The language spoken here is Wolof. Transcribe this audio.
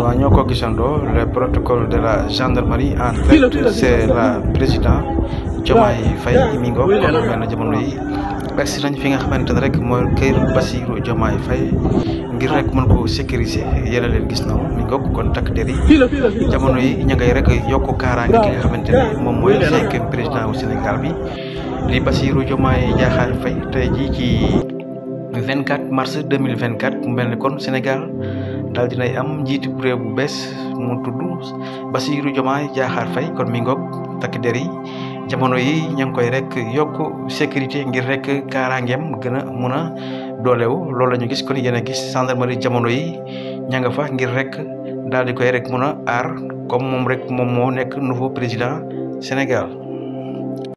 waaw ñoo ko gisandoo le protocole de la gendarmerie en direct c'est la président Diomaye Faye mi ngoog kon mel na jamono yi agsi nañ fi nga xamante ne rek mooy kër Bassirou Diomaye fay ngir rek mën ko sécuriser yéen leen gis na mi ngoog kon takk der yi jamono yi ña ngay rek yokk kaaraange ki nga xamante ne moom mooy cinquième président wu Sénégal bi di Bassirou Diomaye Diakhar Faye tey jii ci 24 mars 2024 mu mel kon Senegal daal dinay am njiitu réew bu bees mu tudd Bassirou Diomaye Diakhar Faye kon mi ngoog takk der yi jamono yi ña ngi koy rek yokk sécurité ngir rek kaaraangeem gën a mun a doolewu loolu la ñu gis kon yéen a gis gendarmerie jamono yi ña fa ngir rek daal di koy rek mun a comme moom rek moom moo nekk nouveau président Sénégal